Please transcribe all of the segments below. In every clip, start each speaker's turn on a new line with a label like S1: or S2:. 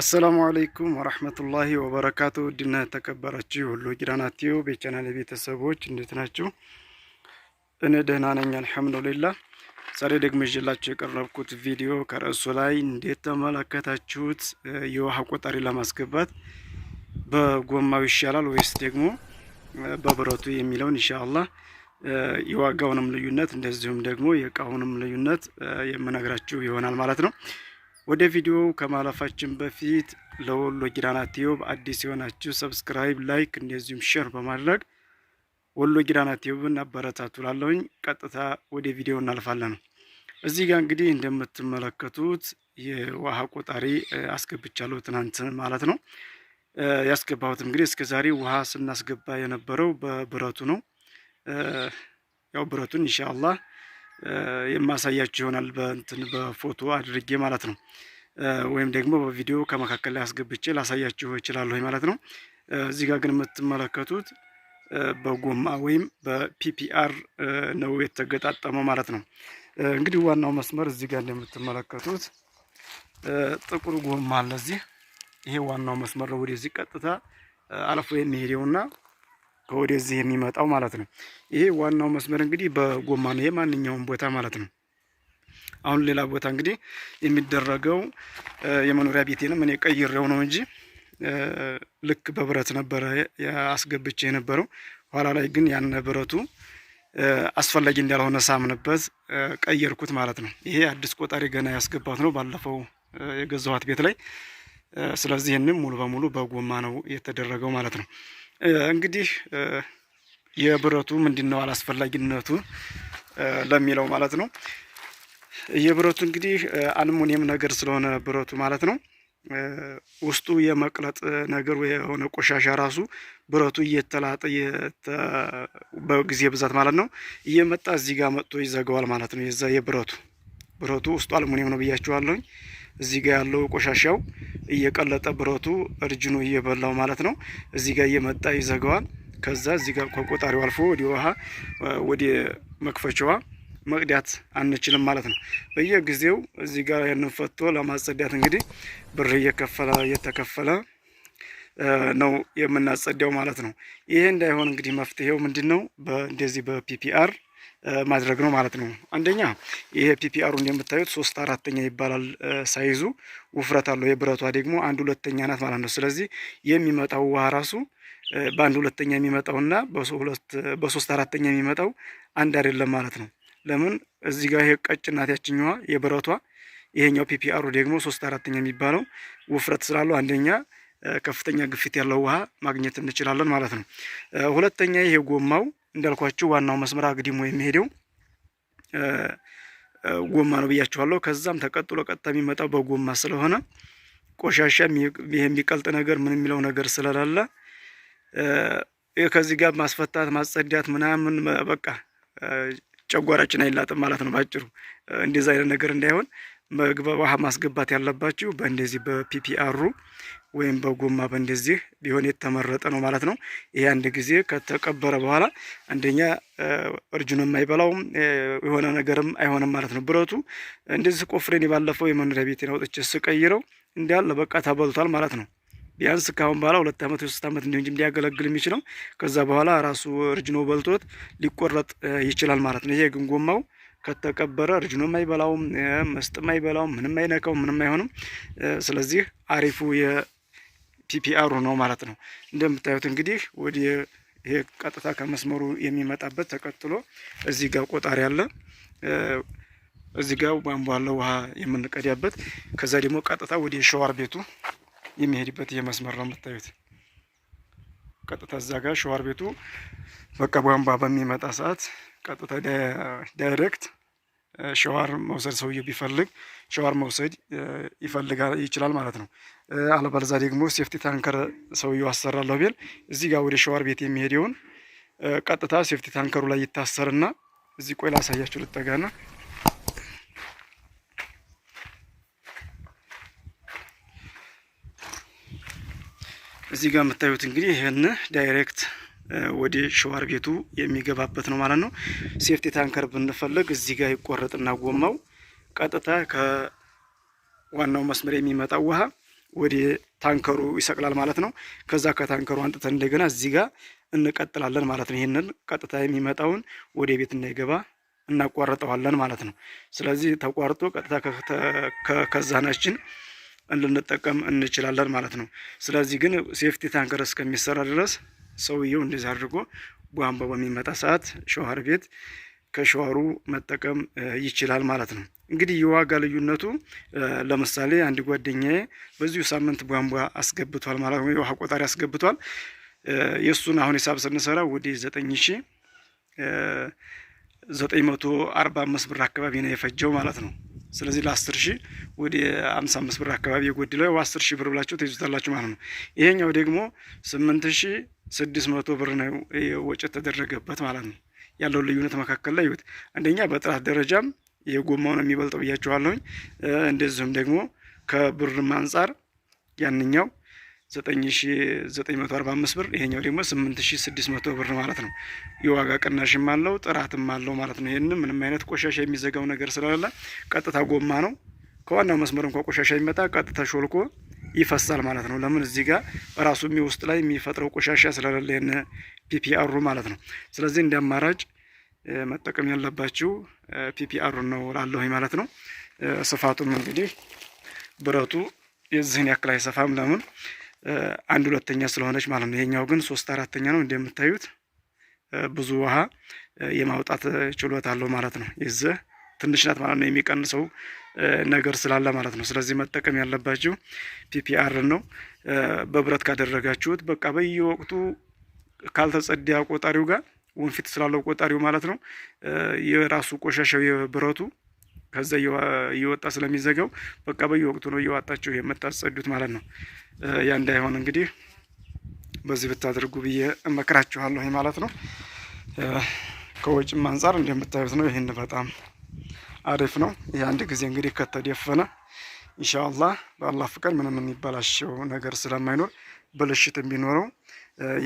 S1: አሰላሙ አለይኩም ወራህመቱላሂ ወበረካቱ። ውድና ተከበራችሁ ሁሉ ጊራና ቲዩብ የቻናል ቤተሰቦች እንዴት ናችሁ? እኔ ደህና ነኝ አልሐምዱሊላህ። ዛሬ ደግሞ ይዤላችሁ የቀረብኩት ቪዲዮ ከርዕሱ ላይ እንዴት ተመለከታችሁት፣ የውሃ ቆጣሪ ለማስገባት በጎማው ይሻላል ወይስ ደግሞ በብረቱ የሚለውን ኢንሻአላህ የዋጋውንም ልዩነት እንደዚሁም ደግሞ የእቃውንም ልዩነት የምነግራችሁ ይሆናል ማለት ነው። ወደ ቪዲዮው ከማለፋችን በፊት ለወሎ ጊራና ቲዩብ አዲስ የሆናችሁ ሰብስክራይብ፣ ላይክ እንደዚሁም ሼር በማድረግ ወሎ ጊራና ቲዩብን አበረታቱ። ላለውኝ ቀጥታ ወደ ቪዲዮ እናልፋለን። እዚህ ጋር እንግዲህ እንደምትመለከቱት የውሃ ቆጣሪ አስገብቻለሁ፣ ትናንት ማለት ነው ያስገባሁት። እንግዲህ እስከ ዛሬ ውሃ ስናስገባ የነበረው በብረቱ ነው። ያው ብረቱን ኢንሻአላህ የማሳያችሁ ይሆናል በእንትን በፎቶ አድርጌ ማለት ነው። ወይም ደግሞ በቪዲዮ ከመካከል ላይ አስገብቼ ላሳያችሁ እችላለሁ ማለት ነው። እዚህ ጋር ግን የምትመለከቱት በጎማ ወይም በፒፒአር ነው የተገጣጠመው ማለት ነው። እንግዲህ ዋናው መስመር እዚህ ጋር እንደምትመለከቱት ጥቁር ጎማ አለ። እዚህ ይሄ ዋናው መስመር ነው ወደዚህ ቀጥታ አልፎ የሚሄደውና ከወደዚህ የሚመጣው ማለት ነው። ይሄ ዋናው መስመር እንግዲህ በጎማ ነው። የማንኛውም ቦታ ማለት ነው። አሁን ሌላ ቦታ እንግዲህ የሚደረገው የመኖሪያ ቤቴንም እኔ ቀይሬው ነው እንጂ ልክ በብረት ነበረ አስገብቼ የነበረው። ኋላ ላይ ግን ያን ብረቱ አስፈላጊ እንዳልሆነ ሳምንበት ቀየርኩት ማለት ነው። ይሄ አዲስ ቆጣሪ ገና ያስገባት ነው ባለፈው የገዛኋት ቤት ላይ። ስለዚህ ይህንም ሙሉ በሙሉ በጎማ ነው የተደረገው ማለት ነው። እንግዲህ የብረቱ ምንድን ነው አላስፈላጊነቱ ለሚለው ማለት ነው። የብረቱ እንግዲህ አልሙኒየም ነገር ስለሆነ ብረቱ ማለት ነው ውስጡ የመቅለጥ ነገር የሆነ ቆሻሻ ራሱ ብረቱ እየተላጠ በጊዜ ብዛት ማለት ነው እየመጣ እዚህ ጋር መጥቶ ይዘገዋል ማለት ነው። የዛ የብረቱ ብረቱ ውስጡ አልሙኒየም ነው ብያችኋለሁኝ። እዚህ ጋር ያለው ቆሻሻው እየቀለጠ ብረቱ እርጅኑ እየበላው ማለት ነው። እዚህ ጋር እየመጣ ይዘጋዋል። ከዛ እዚህ ጋር ከቆጣሪው አልፎ ወደ ውሃ ወደ መክፈቻዋ መቅዳት አንችልም ማለት ነው። በየጊዜው እዚህ ጋር ያንን ፈቶ ለማጸዳት እንግዲህ ብር እየከፈለ እየተከፈለ ነው የምናጸዳው ማለት ነው። ይሄ እንዳይሆን እንግዲህ መፍትሄው ምንድን ነው? እንደዚህ በፒፒአር ማድረግ ነው ማለት ነው። አንደኛ ይሄ ፒፒአሩ እንደምታዩት ሶስት አራተኛ ይባላል ሳይዙ ውፍረት አለው። የብረቷ ደግሞ አንድ ሁለተኛ ናት ማለት ነው። ስለዚህ የሚመጣው ውሃ ራሱ በአንድ ሁለተኛ የሚመጣውና በሶስት አራተኛ የሚመጣው አንድ አይደለም ማለት ነው። ለምን እዚህ ጋር ይሄ ያችኛዋ የብረቷ፣ ይሄኛው ፒፒአሩ ደግሞ ሶስት አራተኛ የሚባለው ውፍረት ስላለው አንደኛ ከፍተኛ ግፊት ያለው ውሃ ማግኘት እንችላለን ማለት ነው። ሁለተኛ ይሄ ጎማው እንዳልኳችሁ ዋናው መስመር አግዲሞ የሚሄደው ጎማ ነው ብያችኋለሁ። ከዛም ተቀጥሎ ቀጥታ የሚመጣው በጎማ ስለሆነ ቆሻሻ የሚቀልጥ ነገር ምን የሚለው ነገር ስለላለ ከዚህ ጋር ማስፈታት ማጸዳት ምናምን በቃ ጨጓራችን አይላጥም ማለት ነው ባጭሩ። እንደዚህ አይነት ነገር እንዳይሆን ውሃ ማስገባት ያለባችሁ በእንደዚህ በፒፒአሩ ወይም በጎማ በእንደዚህ ቢሆን የተመረጠ ነው ማለት ነው። ይሄ አንድ ጊዜ ከተቀበረ በኋላ አንደኛ እርጅኑ የማይበላውም የሆነ ነገርም አይሆንም ማለት ነው። ብረቱ እንደዚህ ቆፍሬን ባለፈው የመኖሪያ ቤቴን አውጥቼ ስቀይረው እንዳለ በቃ ተበልቷል ማለት ነው። ቢያንስ ካሁን በኋላ ሁለት ዓመት የሶስት ዓመት እንዲሆን ሊያገለግል የሚችለው ከዛ በኋላ ራሱ እርጅኖ በልቶት ሊቆረጥ ይችላል ማለት ነው። ይሄ ግን ጎማው ከተቀበረ እርጅኖ አይበላውም፣ መስጥ አይበላውም፣ ምንም አይነካው፣ ምንም አይሆንም። ስለዚህ አሪፉ ፒፒአሩ ነው ማለት ነው። እንደምታዩት እንግዲህ ወደ ይሄ ቀጥታ ከመስመሩ የሚመጣበት ተቀጥሎ እዚህ ጋር ቆጣሪ አለ። እዚህ ጋር ቧንቧ አለ፣ ውሃ የምንቀዳበት። ከዛ ደግሞ ቀጥታ ወደ ሸዋር ቤቱ የሚሄድበት ይሄ መስመር ነው የምታዩት። ቀጥታ እዛ ጋር ሸዋር ቤቱ በቃ ቧንቧ በሚመጣ ሰዓት ቀጥታ ዳይሬክት ሸዋር መውሰድ ሰውየው ቢፈልግ ሸዋር መውሰድ ይፈልጋል ይችላል ማለት ነው። አለበለዛ ደግሞ ሴፍቲ ታንከር ሰውየው አሰራለሁ ቢል እዚህ ጋር ወደ ሸዋር ቤት የሚሄደውን ቀጥታ ሴፍቲ ታንከሩ ላይ ይታሰርና እዚህ ቆይ ላሳያችሁ ልጠጋና እዚህ ጋር የምታዩት እንግዲህ ይህን ዳይሬክት ወደ ሸዋር ቤቱ የሚገባበት ነው ማለት ነው። ሴፍቲ ታንከር ብንፈልግ እዚህ ጋር ይቆረጥና ጎማው ቀጥታ ከዋናው መስመር የሚመጣው ውሃ ወደ ታንከሩ ይሰቅላል ማለት ነው። ከዛ ከታንከሩ አንጥተን እንደገና እዚህ ጋር እንቀጥላለን ማለት ነው። ይህንን ቀጥታ የሚመጣውን ወደ ቤት እንዳይገባ እናቋርጠዋለን ማለት ነው። ስለዚህ ተቋርጦ ቀጥታ ከዛናችን ልንጠቀም እንችላለን ማለት ነው። ስለዚህ ግን ሴፍቲ ታንከር እስከሚሰራ ድረስ ሰውየው እንደዚህ አድርጎ ቧንቧ በሚመጣ ሰዓት ሸዋር ቤት ከሸዋሩ መጠቀም ይችላል ማለት ነው። እንግዲህ የዋጋ ልዩነቱ ለምሳሌ አንድ ጓደኛዬ በዚሁ ሳምንት ቧንቧ አስገብቷል ማለት ነው፣ የውሃ ቆጣሪ አስገብቷል። የእሱን አሁን ሂሳብ ስንሰራ ወደ ዘጠኝ ሺ ዘጠኝ መቶ አርባ አምስት ብር አካባቢ ነው የፈጀው ማለት ነው። ስለዚህ ለአስር ሺህ ወደ አምሳ አምስት ብር አካባቢ የጎደለው አስር ሺህ ብር ብላችሁ ተይዙታላችሁ ማለት ነው። ይሄኛው ደግሞ ስምንት ሺህ ስድስት መቶ ብር ነው ወጪ ተደረገበት ማለት ነው። ያለው ልዩነት መካከል ላይ ይሁት አንደኛ በጥራት ደረጃም የጎማውን የሚበልጠው ብያችኋለሁኝ። እንደዚሁም ደግሞ ከብርም አንጻር ያንኛው 9945 ብር ይሄኛው ደግሞ 8600 ብር ማለት ነው። የዋጋ ቅናሽም አለው ጥራትም አለው ማለት ነው። ይህንም ምንም አይነት ቆሻሻ የሚዘጋው ነገር ስለሌለ ቀጥታ ጎማ ነው ከዋናው መስመር እንኳ ቆሻሻ የሚመጣ ቀጥታ ሾልኮ ይፈሳል ማለት ነው። ለምን እዚህ ጋር ራሱ ውስጥ ላይ የሚፈጥረው ቆሻሻ ስለሌለ ፒፒአሩ ማለት ነው። ስለዚህ እንደ አማራጭ መጠቀም ያለባችሁ ፒፒአሩ ነው ላለሁኝ ማለት ነው። ስፋቱም እንግዲህ ብረቱ የዚህን ያክል አይሰፋም። ለምን አንድ ሁለተኛ ስለሆነች ማለት ነው። ይሄኛው ግን ሶስት አራተኛ ነው እንደምታዩት ብዙ ውሃ የማውጣት ችሎታ አለው ማለት ነው። ይዘህ ትንሽ ናት ማለት ነው የሚቀንሰው ነገር ስላለ ማለት ነው። ስለዚህ መጠቀም ያለባችሁ ፒፒአር ነው። በብረት ካደረጋችሁት በቃ በየወቅቱ ካልተጸዳ ቆጣሪው ጋር ወንፊት ስላለው ቆጣሪው ማለት ነው የራሱ ቆሻሻው የብረቱ ከዛ እየወጣ ስለሚዘጋው በቃ በየወቅቱ ነው እየዋጣችሁ የምታጸዱት ማለት ነው። ያ እንዳይሆን እንግዲህ በዚህ ብታደርጉ ብዬ እመክራችኋለሁ ማለት ነው። ከውጭም አንጻር እንደምታዩት ነው። ይህን በጣም አሪፍ ነው። ይህ አንድ ጊዜ እንግዲህ ከተደፈነ ኢንሻአላህ በአላህ ፍቃድ ምንም የሚበላሸው ነገር ስለማይኖር ብልሽት የሚኖረው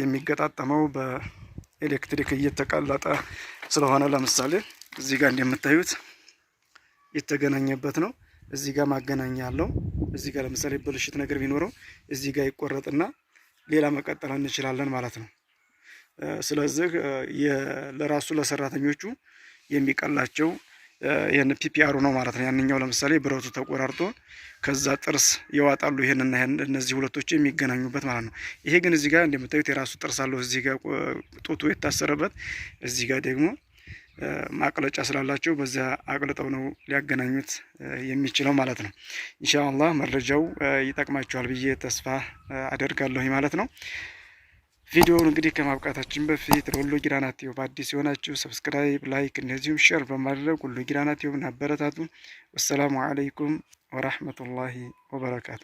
S1: የሚገጣጠመው በኤሌክትሪክ እየተቀለጠ ስለሆነ ለምሳሌ እዚህ ጋር እንደምታዩት የተገናኘበት ነው። እዚህ ጋር ማገናኛ አለው። እዚህ ጋር ለምሳሌ ብልሽት ነገር ቢኖረው እዚህ ጋር ይቆረጥና ሌላ መቀጠል እንችላለን ማለት ነው። ስለዚህ ለራሱ ለሰራተኞቹ የሚቀላቸው ይህን ፒፒአሩ ነው ማለት ነው። ያንኛው ለምሳሌ ብረቱ ተቆራርጦ ከዛ ጥርስ ይዋጣሉ። ይህንና እነዚህ ሁለቶች የሚገናኙበት ማለት ነው። ይሄ ግን እዚህ ጋር እንደምታዩት የራሱ ጥርስ አለው። እዚህ ጋር ጡቱ የታሰረበት፣ እዚህ ጋር ደግሞ ማቅለጫ ስላላቸው በዛ አቅልጠው ነው ሊያገናኙት የሚችለው ማለት ነው። ኢንሻአላህ መረጃው ይጠቅማቸዋል ብዬ ተስፋ አደርጋለሁ ማለት ነው። ቪዲዮውን እንግዲህ ከማብቃታችን በፊት ለሁሉ ጊራና ቲዩብ በአዲስ የሆናችሁ ሰብስክራይብ፣ ላይክ እንደዚሁም ሼር በማድረግ ሁሉ ጊራና ቲዩብን አበረታቱ። ወሰላሙ አለይኩም ወራህመቱላሂ ወበረካቱ።